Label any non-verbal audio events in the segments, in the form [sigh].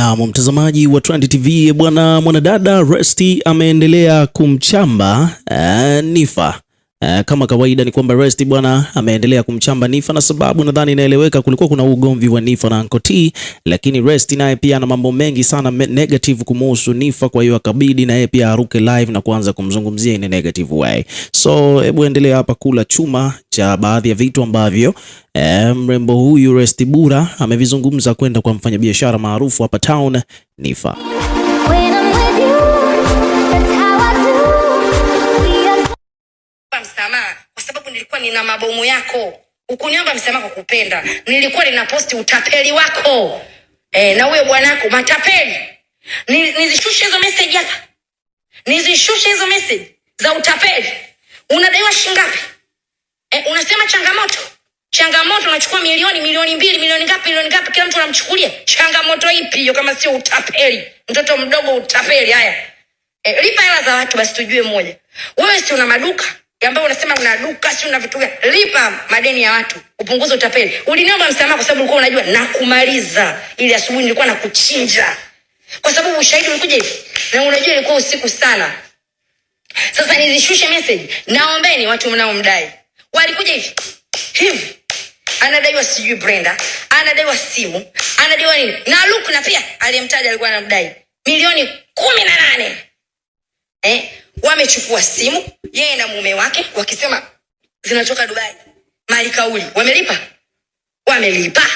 Naam, mtazamaji wa Trend TV bwana, mwanadada Resti ameendelea kumchamba eh, Nifa Uh, kama kawaida ni kwamba Rest bwana ameendelea kumchamba Nifa na sababu nadhani inaeleweka, kulikuwa kuna ugomvi wa Nifa na Anko T, lakini Rest naye pia ana mambo mengi sana negative kumuhusu Nifa, kwa hiyo akabidi naye pia aruke live na kuanza kumzungumzia in a negative way. So hebu endelea hapa kula chuma cha baadhi ya vitu ambavyo eh, mrembo huyu Rest Bura amevizungumza kwenda kwa mfanyabiashara maarufu hapa town Nifa. When I'm with nina mabomu yako, ukuniomba msamaha kwa kupenda, nilikuwa nina posti utapeli wako e, na huyo bwanako matapeli. Nizishushe hizo meseji hapa, nizishushe hizo meseji za utapeli. Unadaiwa shingapi? E, unasema changamoto changamoto unachukua milioni milioni mbili milioni ngapi milioni ngapi, kila mtu anamchukulia. Changamoto ipi hiyo kama sio utapeli? Mtoto mdogo utapeli. Haya e, lipa hela za watu basi tujue. Mmoja wewe, si una maduka ambao unasema una duka si una vitu gani, lipa madeni ya watu, upunguze utapeli. Uliniomba msamaha kwa sababu ulikuwa unajua nakumaliza, ili asubuhi nilikuwa nakuchinja, kwa sababu ushahidi ulikuja na unajua ilikuwa usiku sana. Sasa nizishushe message, naombeni watu mnaomdai, walikuja hivi hivi, anadaiwa sijui Brenda, anadaiwa simu, anadaiwa nini na Luke, na pia aliyemtaja alikuwa anamdai milioni kumi na nane eh wamechukua simu yeye na mume wake, wakisema zinatoka Dubai, mali kauli wamelipa, wamelipa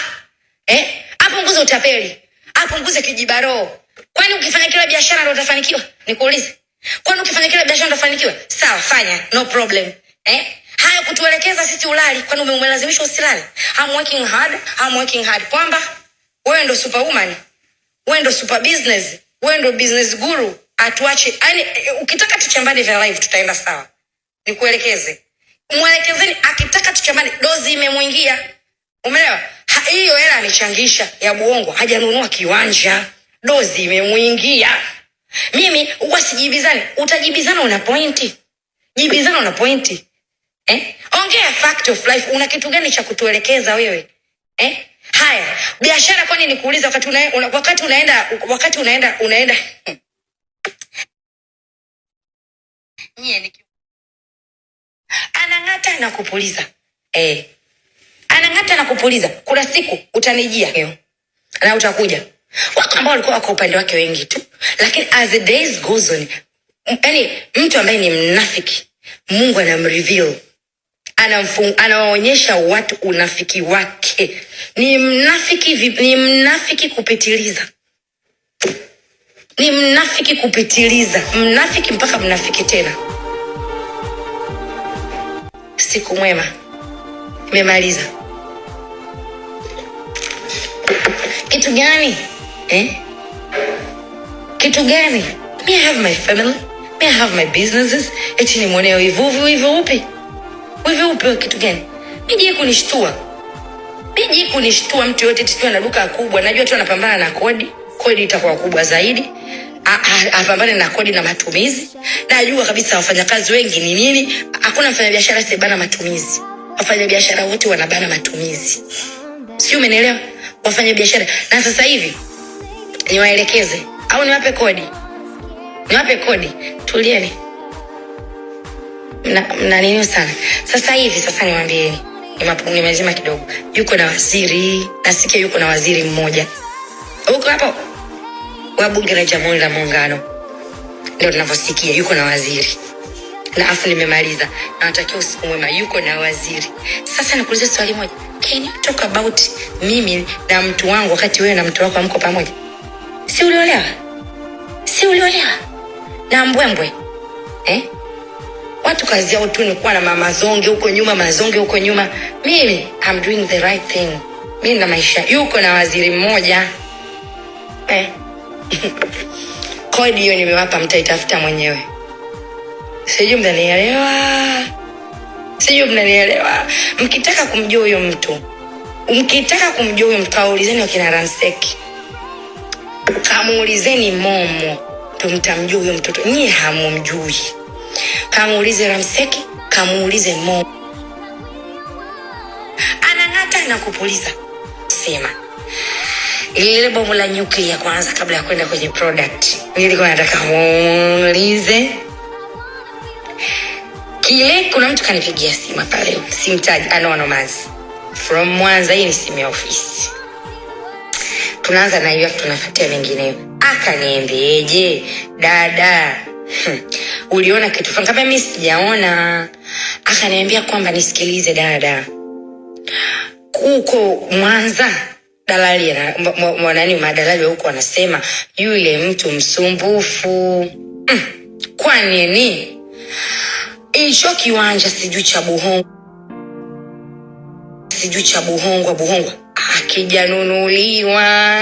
eh? Apunguze utapeli, apunguze kijibaroo. Kwani ukifanya kila biashara ndio utafanikiwa? Nikuulize, kwani ukifanya kila biashara ndio utafanikiwa? Sawa, fanya no problem eh? Haya, kutuelekeza sisi ulali, kwani umelazimisha usilale? I'm working hard, I'm working hard, kwamba wewe ndo superwoman, wewe ndo super business, wewe ndo business guru atuache. Yani e, e, ukitaka tuchambane vya live tutaenda sawa, nikuelekeze mwelekezeni. Akitaka tuchambane, dozi imemwingia, umeelewa? Hiyo hela amechangisha ya muongo, hajanunua kiwanja, dozi imemwingia. Mimi huwa sijibizani, utajibizana una pointi, jibizana una pointi eh? Ongea fact of life, una kitu gani cha kutuelekeza wewe eh? Haya, biashara kwani nikuuliza, wakati una, una, wakati unaenda wakati unaenda unaenda hmm. nyie niki anang'ata na kupuliza eh, anang'ata na kupuliza. Kuna siku utanijia leo na utakuja. Wako ambao walikuwa wako upande wake wengi tu, lakini as the days goes on, yani mtu ambaye ni mnafiki Mungu anamreveal anawaonyesha watu unafiki wake. Ni mnafiki, ni mnafiki kupitiliza. Ni mnafiki kupitiliza, mnafiki mpaka mnafiki tena. Siku mwema imemaliza. Kitu gani eh? Kitu gani? Me have my family, me have my businesses. Eti ni mwaneo hivuvi wivu upi wivi upi wa kitu gani? Mije kunishtua, mije kunishtua mtu yote. na tu duka kubwa, najua tu anapambana na kodi kodi itakuwa kubwa zaidi, apambane na kodi na matumizi. Najua kabisa wafanyakazi wengi ni nini, hakuna mfanyabiashara asiyebana matumizi. Wafanyabiashara wote wanabana matumizi, sio? Umeelewa? Wafanyabiashara na sasa hivi niwaelekeze au niwape kodi? Niwape kodi? Tulieni na, na nini sana sasa hivi. Sasa niwaambieni ni mazima kidogo, yuko na waziri nasikia, yuko na waziri mmoja huko hapo wa bunge la Jamhuri la Muungano. Ndio tunavyosikia yuko na waziri na afu nimemaliza, na natakia usiku mwema, yuko na waziri. Sasa nakuuliza swali moja, can you talk about mimi na mtu wangu wakati wewe na mtu wako hamko pamoja? Si uliolewa? Si uliolewa na mbwembwe eh? Watu kazi yao tu ni kuwa na mamazonge huko nyuma, mazonge huko nyuma. Mimi I'm doing the right thing, mimi na maisha. Yuko na waziri mmoja eh. [coughs] kodi hiyo nimewapa, mtaitafuta mwenyewe. Sijui mnanielewa, sijui mnanielewa. Mkitaka kumjua huyo mtu, mkitaka kumjua huyo mtu, kaulizeni wakina Ramseki, kamuulizeni Momo, tumtamjua huyo mtoto. Nyie hamumjui, kamuulize Ramseki, kamuulize Momo, anang'ata na kupuliza. Sema lile bomu la nyuklia kwanza, kabla ya kwenda kwenye product, nilikuwa nataka muulize kile. Kuna mtu kanipigia simu pale, simtaji, anonymous from Mwanza. Hii ni simu ya ofisi, tunaanza na hiyo, tunafuatia mengineyo. Akaniambieje, dada hmm, Uliona kitu fulani? Kama mimi sijaona. Akaniambia kwamba nisikilize dada, kuko Mwanza dalali mwanani madalali huko wanasema yule mtu msumbufu mm. Kwa nini icho kiwanja sijui cha Buhongwa sijui cha Buhongwa Buhongwa akijanunuliwa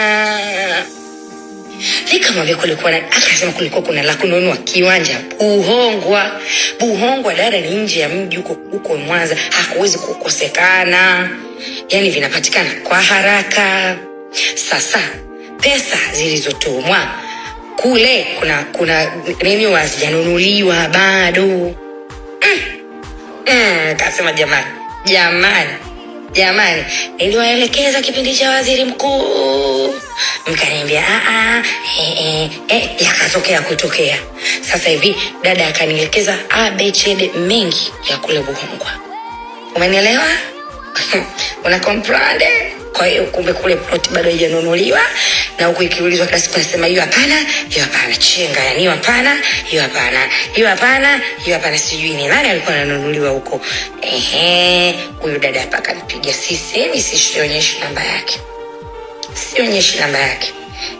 nikamwambia kulikuwa na akasema kulikuwa kuna la kununua kiwanja Buhongwa. Buhongwa dara ni nje ya mji huko huko Mwanza, hakuwezi kukosekana yani vinapatikana kwa haraka. Sasa pesa zilizotumwa kule kuna kuna nini, hazijanunuliwa bado. Mm. Mm, kasema jamani, jamani, jamani, niliwaelekeza kipindi cha waziri mkuu mkaniambia e, e, e, yakatokea kutokea. Sasa hivi dada akanielekeza abechede mengi ya kule buhungwa umenielewa? [laughs] una comprende? Kwa hiyo kumbe kule plot bado haijanunuliwa, na huku ikiulizwa kila siku nasema hiyo hapana, hiyo hapana, chenga, yani hiyo hapana, hiyo hapana, hiyo hapana, hiyo hapana, sijui ni nani alikuwa ananunuliwa huko. Ehe, huyu dada hapa akampiga, sisemi, sisionyeshi namba yake, sionyeshi namba yake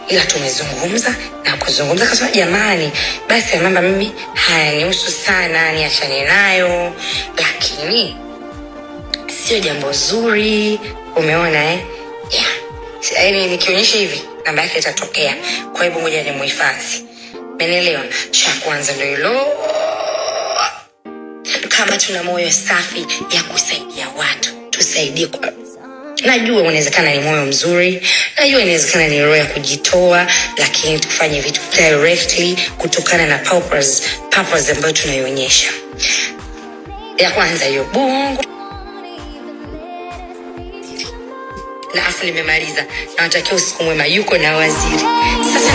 ila tumezungumza na kuzungumza, kasema jamani, basi ya mama mimi haya hayanihusu sana, niachane nayo, lakini sio jambo zuri, umeona eh? Yeah. yani, nikionyesha hivi namba yake itatokea, kwa hivyo moja ni muhifadhi Umeelewa? Cha kwanza ndio hilo. Kama tuna moyo safi ya kusaidia watu, tusaidie kwa Najua unawezekana ni moyo mzuri, najua inawezekana ni roho ya kujitoa, lakini tufanye vitu directly kutokana na purpose, purpose ambayo tunaionyesha. Ya kwanza hiyo bungu na Asli imemaliza na usiku mwema, yuko na waziri sasa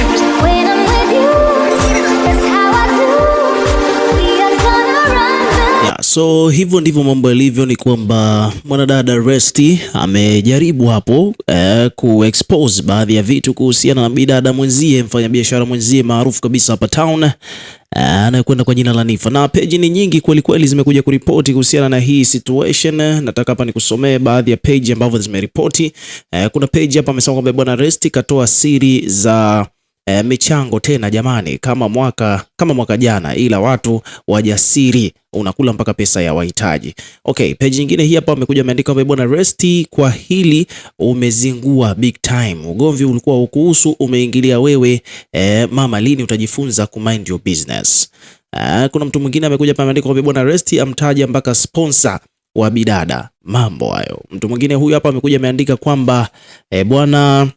So hivyo ndivyo mambo yalivyo, ni kwamba mwanadada Resti amejaribu hapo eh, kuexpose baadhi ya vitu kuhusiana na bidada mwenzie, mfanyabiashara mwenzie maarufu kabisa hapa town Eh, anayokwenda kwa jina la Nifa, na peji ni nyingi kweli kweli zimekuja kuripoti kuhusiana na hii situation. Nataka hapa nikusomee baadhi ya peji ambavyo zimeripoti. Eh, kuna peji hapa amesema kwamba bwana Resti katoa siri za e, michango tena jamani, kama mwaka kama mwaka jana, ila watu wajasiri, unakula mpaka pesa ya wahitaji. Okay, page nyingine hii hapa wamekuja wameandika kwamba bwana Resti, kwa hili umezingua big time. Ugomvi ulikuwa ukuhusu, umeingilia wewe. E, mama, lini utajifunza ku mind your business? E, kuna mtu mwingine amekuja hapa ameandika kwamba bwana Resti amtaja mpaka sponsor wa bidada. Mambo hayo. Mtu mwingine huyu hapa amekuja ameandika kwamba e, bwana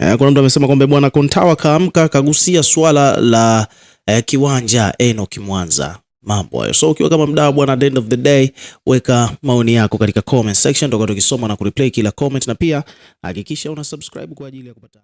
Eh, kuna mtu amesema kwamba bwana Kontawa kaamka kagusia swala la eh, kiwanja Enock Mwanza mambo hayo. So ukiwa kama mdau bwana, at the end of the day, weka maoni yako katika comment section, tutakuwa tukisoma na kureplay kila comment, na pia hakikisha una subscribe kwa ajili ya kupata